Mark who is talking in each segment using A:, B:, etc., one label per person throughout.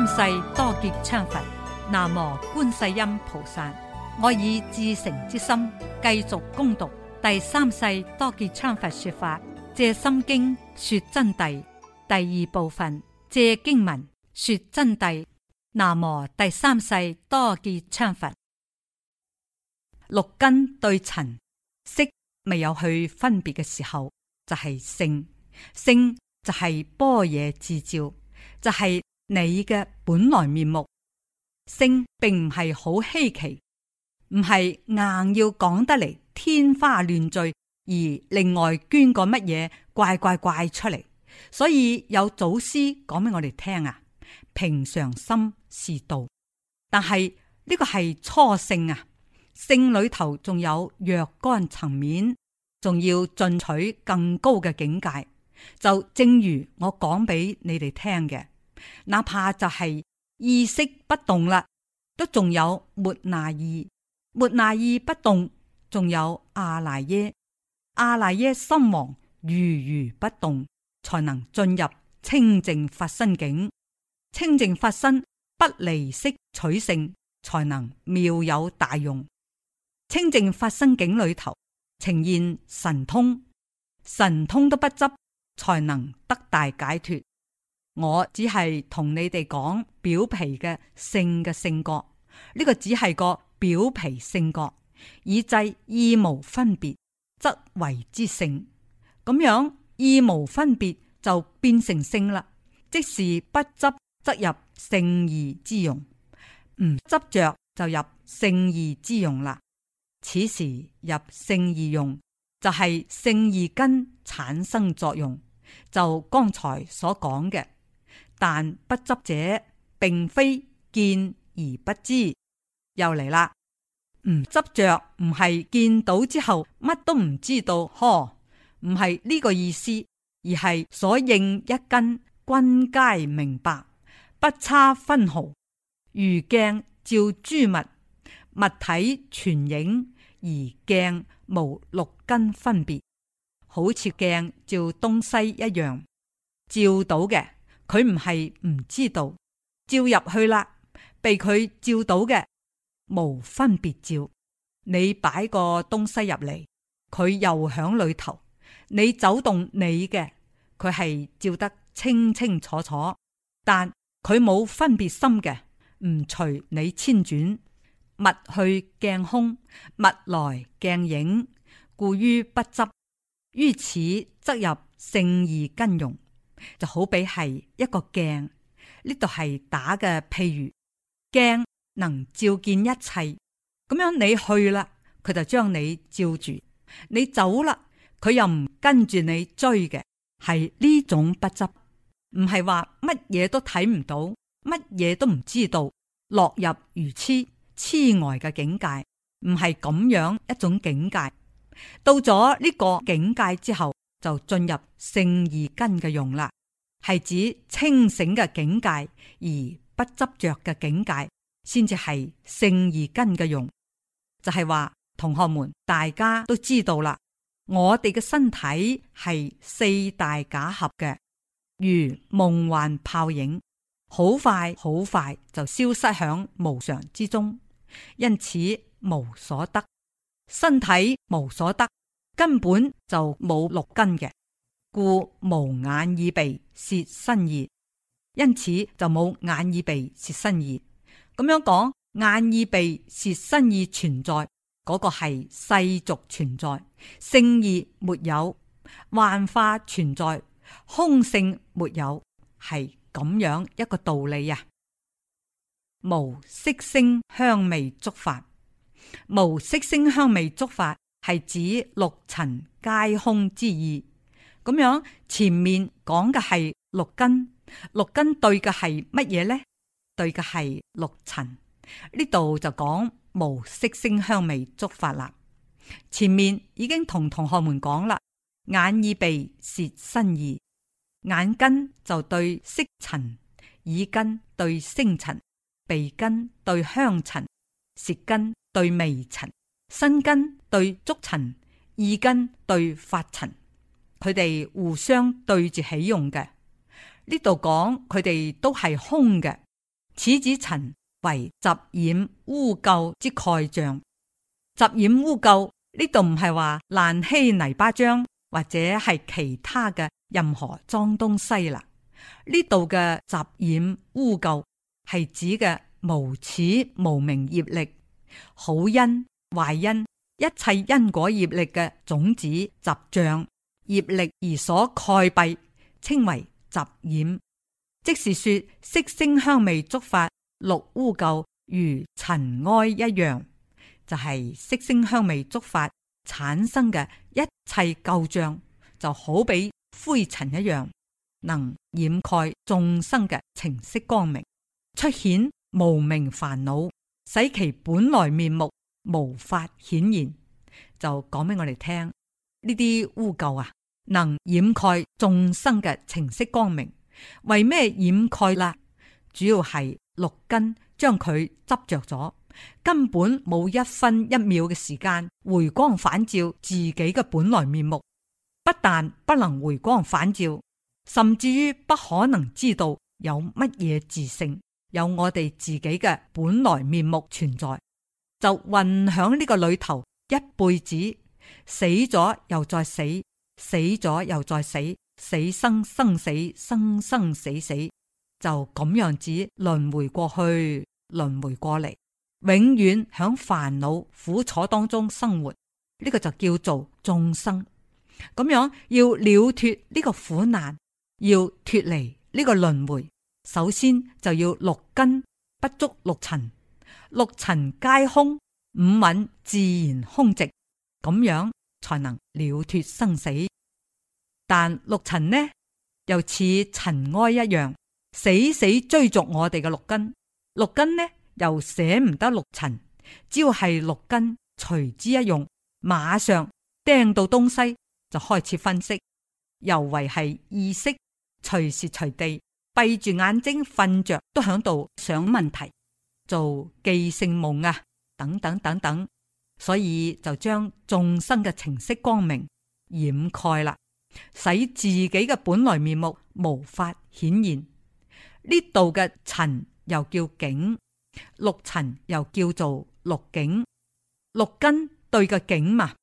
A: 三世多杰羌佛，南無觀世音菩薩。我以至誠之心，繼續恭讀第三世多杰羌佛說法《藉心經》說真諦第二部分《藉經文說真諦》，南無第三世多杰羌佛。六根對塵識未有去分別嘅時候，就係、是、性，性就係般若智照，就係、是。你嘅本來面目性並唔係好稀奇，唔係硬要講得嚟天花亂墜，而另外捐個乜嘢怪怪怪出嚟。所以有祖師講俾我哋聽啊，平常心是道。但係呢個係初性啊，性裏頭仲有若干層面，仲要進取更高嘅境界。就正如我講俾你哋聽嘅。哪怕就係意識不動啦，都仲有末那意，末那意不動，仲有阿賴耶，阿賴耶心王如如不動，才能進入清淨法身境。清淨法身不離色取勝，才能妙有大用。清淨法身境裏頭呈現神通，神通都不執，才能得大解脫。我只係同你哋講表皮嘅性嘅性覺，呢、這個只係個表皮性覺，以制意無分別，則為之性。咁樣意無分別就變成性啦，即是不執，則入性義之用，唔執着就入性義之用啦。此時入性義用就係、是、性義根產生作用，就剛才所講嘅。但不執者，並非見而不知。又嚟啦，唔執着唔係見到之後乜都唔知道，呵，唔係呢個意思，而係所應一根均皆明白，不差分毫。如鏡照諸物，物體全影而鏡無六根分別，好似鏡照東西一樣，照到嘅。佢唔係唔知道，照入去啦，被佢照到嘅無分別照。你擺個東西入嚟，佢又響裏頭。你走動你嘅，佢係照得清清楚楚，但佢冇分別心嘅，唔隨你遷轉。物去鏡空，物來鏡影，故於不執。於此則入聖義根融。就好比係一個鏡，呢度係打嘅。譬如鏡能照見一切，咁樣你去啦，佢就將你照住；你走啦，佢又唔跟住你追嘅。係呢種不執，唔係話乜嘢都睇唔到，乜嘢都唔知道，落入如痴痴呆嘅境界，唔係咁樣一種境界。到咗呢個境界之後。就進入聖意根嘅用啦，係指清醒嘅境界而不執着嘅境界，先至係聖意根嘅用。就係話，同學們大家都知道啦，我哋嘅身體係四大假合嘅，如夢幻泡影，好快好快就消失響無常之中，因此無所得，身體無所得。根本就冇六根嘅，故無眼耳鼻舌身意，因此就冇眼耳鼻舌身意。咁樣講，眼耳鼻舌身意存在，嗰個係世俗存在，性意沒有，幻化存在，空性沒有，係咁樣一個道理呀，無色聲香味觸法，無色聲香味觸法。係指六塵皆空之意，咁樣前面講嘅係六根，六根對嘅係乜嘢呢？對嘅係六塵。呢度就講無色聲香味觸法啦。前面已經同同學們講啦，眼耳鼻舌身意，眼根就對色塵，耳根對聲塵，鼻根對香塵，舌根對味塵。新根對竹塵，二根對法塵，佢哋互相對住起用嘅。呢度講佢哋都係空嘅。此指塵為雜染污垢之蓋障。雜染污垢呢度唔係話爛稀泥巴漿或者係其他嘅任何髒東西啦。呢度嘅雜染污垢係指嘅無始無明業力，好因。懷因一切因果業力嘅種子習像業力而所蓋蔽，稱為習染。即是說色聲香味觸法六污垢如塵埃一樣，就係、是、色聲香味觸法產生嘅一切舊障，就好比灰塵一樣，能掩蓋眾生嘅情色光明，出現無明煩惱，使其本來面目。無法顯現，就講俾我哋聽呢啲污垢啊，能掩蓋眾生嘅情色光明。為咩掩蓋啦、啊？主要係六根將佢執着咗，根本冇一分一秒嘅時間回光返照自己嘅本來面目。不但不能回光返照，甚至於不可能知道有乜嘢自性，有我哋自己嘅本來面目存在。就混響呢個裏頭，一輩子死咗又再死，死咗又再死，死生生死生生死死，死，就咁樣子輪回過去，輪回過嚟，永遠響煩惱苦楚當中生活，呢、這個就叫做眾生。咁樣要了脫呢個苦難，要脫離呢個輪回，首先就要六根不足六塵。六塵皆空，五蘊自然空寂，咁樣才能了脱生死。但六塵呢，又似塵埃一樣，死死追逐我哋嘅六根。六根呢，又捨唔得六塵。只要係六根隨之一用，馬上盯到東西就開始分析。尤為係意識，隨時隨地閉住眼睛瞓着都響度想問題。做寄性夢啊，等等等等，所以就將眾生嘅情色光明掩蓋啦，使自己嘅本來面目無法顯現。呢度嘅塵又叫境，六塵又叫做六境，六根對個境嘛，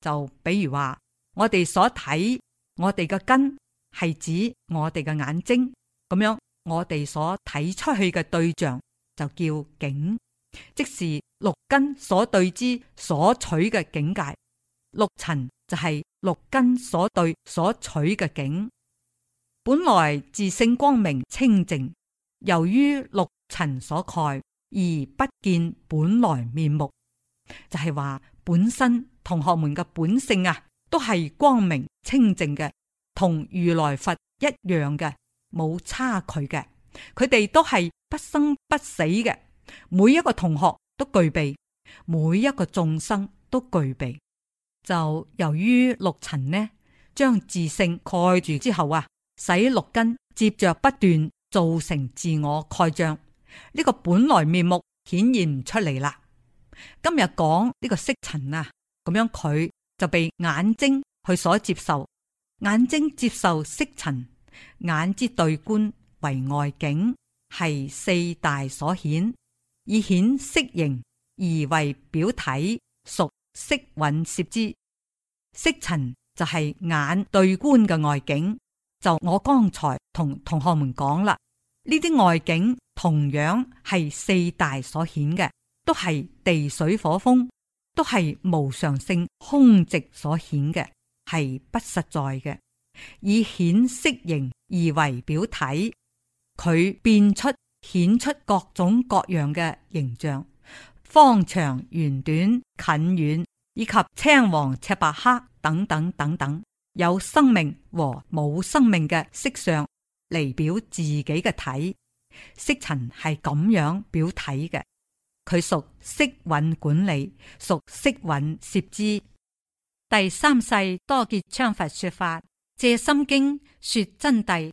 A: 就比如話我哋所睇，我哋嘅根係指我哋嘅眼睛咁樣，我哋所睇出去嘅對象。就叫境，即是六根所對之所取嘅境界。六塵就係六根所對所取嘅境，本來自性光明清淨，由於六塵所蓋而不見本來面目。就係、是、話本身，同學們嘅本性啊，都係光明清淨嘅，同如來佛一樣嘅，冇差距嘅。佢哋都係不生不死嘅，每一個同學都具備，每一個眾生都具備。就由於六塵呢，將自性蓋住之後啊，使六根接着不斷造成自我蓋障，呢、呢個本來面目顯現唔出嚟啦。今日講呢個色塵啊，咁樣佢就被眼睛去所接受，眼睛接受色塵，眼之對觀。為外境係四大所顯，以顯色形而為表體，屬色蘊攝之色塵就係眼對觀嘅外境。就我剛才同同學們講啦，呢啲外境同樣係四大所顯嘅，都係地水火風，都係無常性空寂所顯嘅，係不實在嘅，以顯色形而為表體。佢變出顯出各種各樣嘅形象，方長圓短近遠，以及青黃赤白黑等等等等，有生命和冇生命嘅色相嚟表自己嘅體。色塵係咁樣表體嘅，佢屬色蘊管理，屬色蘊攝之。第三世多杰羌佛說法，借心經說真諦